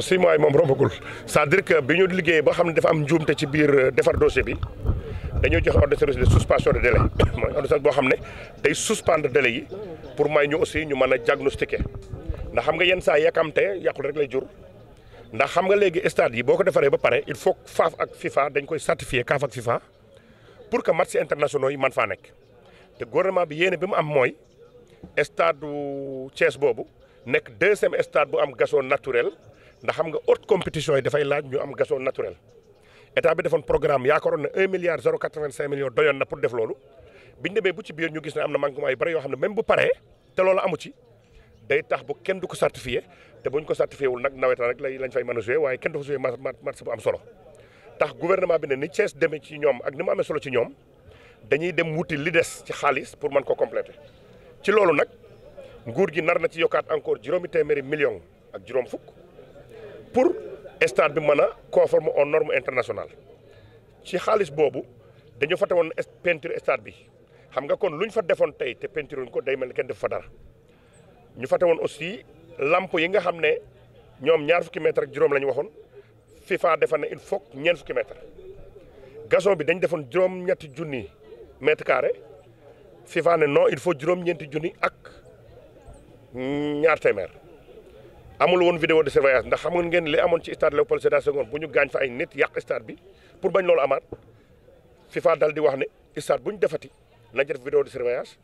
six mois yi moom rombagul c'est-à-dire que bi ñu liggéeyee ba xam ne dafa am njuumte ci biir euh, defar dossier bi dañoo joxe ordre de de suspension de délai mooy ordre de boo xam ne day suspendre délai yi pour may ñu aussi ñu mën a diagnostiquer ndax xam nga yenn saa yàkkamte yàqul rek lay jur ndax xam nga léegi stade yi boo ko defaree ba pare il faut faaf ak FIFA dañ koy certifier CAF ak FIFA pour que match internationaux yi man faa nekk te gouvernement bi yéene bi mu am mooy stade Thiès boobu nekk deuxième stade bu am gazon naturel ndax xam nga haute compétition yi dafay laaj ñu am gaso naturel état bi defoon programme yaakaaroon na 1 milliard 085 millions doyoon na pour def loolu biñ demee bu ci biir ñu gis ne am na manquement yu bëri yoo xam ne même bu paree te loolu amu ci day tax bu kenn du ko certifié te buñ ko certifié wul nag nawetaan rek lañ fay mën a joué waaye kenn du ko joué match bu am solo tax gouvernement bi ne ni Thiès demee ci ñoom ak ni mu amee solo ci ñoom dañuy dem wuti li des ci xaalis pour mën ko compléter ci loolu nag nguur gi nar na ci yokkaat encore juróomi téeméeri million ak juróom fukk pour stade bi mën a conforme on normes international ci xaalis boobu dañu fa woon peinture stade bi xam nga kon lu ñu fa defoon tey te peinture wuñ ko day mel ni kenn def fa dara ñu fa woon aussi lamp yi nga xam ne ñoom ñaar fukki mètre ak juróom la ñu waxoon FIFA defa ne il faut ñeent fukki mètre bi dañ defoon juróom-ñetti junni mètre carré FIFA ne non il faut juróom-ñeenti junni ak ñaar téeméer amul woon vidéo de surveillance ndax xam ngeen li amoon ci stade Léopold Sédar Senghor bu ñu gaañ fa ay nit yàq stade bi pour bañ loolu amaat FIFA dal di wax ne stade bu ñu defati nañ def vidéo de surveillance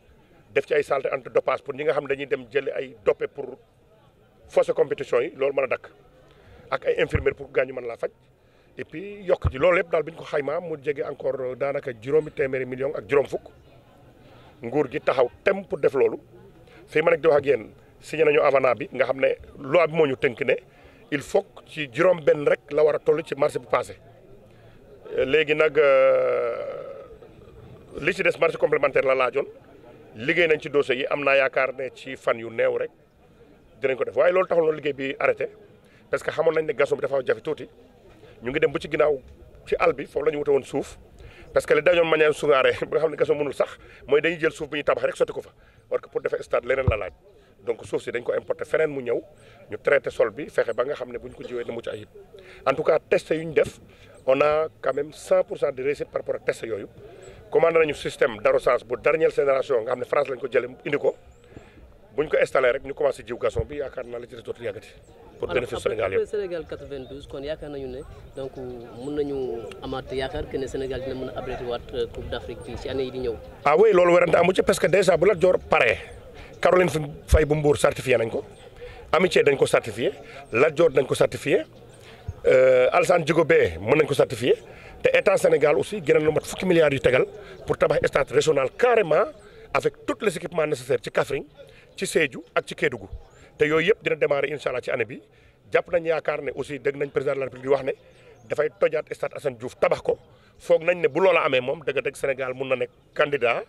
def ci ay salte anti dopage pour ñi nga xam dañuy dem jëli ay doppe pour fausses compétitions yi loolu mën a dakk ak ay infirmières pour gaañu man laa faj et yokk ci loolu yëpp daal bi ñu ko xaymaa mu jege encore daanaka juróomi téeméeri million ak juróom fukk nguur gi taxaw tem pour def loolu fii ma nekk di signé nañu avenant bi nga xam ne loi bi moo ñu tënk ne il faut ci juróom benn rek la war a toll ci marché bu passé léegi nag euh, li ci des marché complémentaire la laajoon liggéey nañ ci dossier yi am na yaakaar ne ci fan yu neew rek dinañ ko def waaye loolu taxul na liggéey bi arrêté parce que xamoon nañ ne gazon bi dafa jafe tuuti ñu ngi dem bu ci ginnaaw ci àll foofu la ñu wute woon suuf parce que li dañoon manière suŋaare ba xam ne gazon sax mooy dañuy jël suuf bi ñuy tabax rek sotti ko fa war que pour defee stade leneen la laaj donc suuf si dañ ko importer feneen mu ñëw ñu traiter sol bi fexe ba nga xam ne bu ñu ko jiwee na mucc ayib en tout cas test yu ñu def on a quand pour cent de réussite par rapport ak test yooyu commandé nañu système d'arrosage bu dernière génération nga xam ne France lañ ko jëlee indi ko bu ñu ko installé rek ñu commencé jiw gazon bi yaakaar naa la ci Sénégal kon yaakaar nañu ne donc nañu amaat yaakaar que ne Sénégal dina mën a abriter waat euh, Coupe d'Afrique Caroline fay bu Mbour certifié nañ ko Amitié dañ ko certifié Lat dañ ko certifié euh, Alassane Djigo Beye mën nañ ko certifié te état Sénégal aussi gënal lu mat fukki milliards yu tegal pour tabax stade régional carrément avec tous les équipements nécessaires ci Kaffrine ci Sédhiou ak ci Kédougou te yooyu yëpp dina démarrer incha allah ci année bi jàpp nañ yaakaar ne aussi deg nañ président de la République di wax ne dafay tojaat stade Assane Diouf tabax ko foog nañ ne bu loola amee moom dëgg-dëgg Sénégal mun na nekk candidat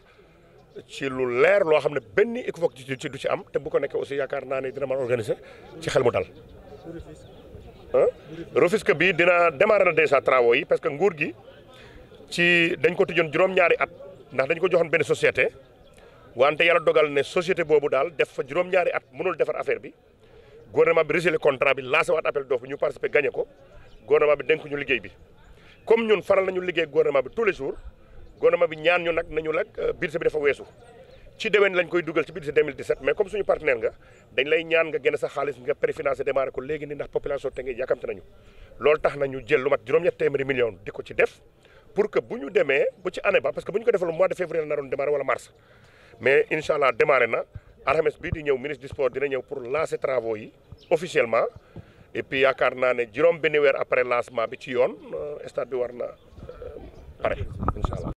ci lu leer loo xam ne benn équivoque ci ci du ci am te bu ko nekkee aussi yaakaar naa ne dina mën organiser ci xel mu daal Rufisque bi dina démarrer na déjà travaux yi parce que nguur gi ci dañ ko tëjoon juróom-ñaari at ndax dañ ko joxoon benn société wante yàlla dogal ne société boobu daal def fa juróom-ñaari at mënul defar affaire bi gouvernement bi rejeté contrat bi lancé waat appel d'offre bi ñu participer gagné ko gouvernement bi dénk ñu liggéey bi comme ñun faral nañu liggéey gouvernement bi tous les jours. gouvernement bi ñaan ñu nag nañu nag euh, budget bi dafa weesu ci déwén lañ koy dugal ci budget 2017 mais comme suñu partenaire nga dañ lay ñaan nga génne sa xaalis nga préfinancé démarré ko léegi ni ndax population te ngay yàkkamte nañu loolu tax nañu jël lu mat juróom-ñett téeméeri million di ko ci def pour que bu ñu demee bu ci année ba parce que bu ñu ko defal mois de février la naroon démarré wala mars mais incha allah na alxames bii di ñëw ministre du sport dina ñëw pour lancer travaux yi officiellement et yaakaar naa ne juróom benn weer après lancement bi ci yoon euh, stade bi war na euh, pare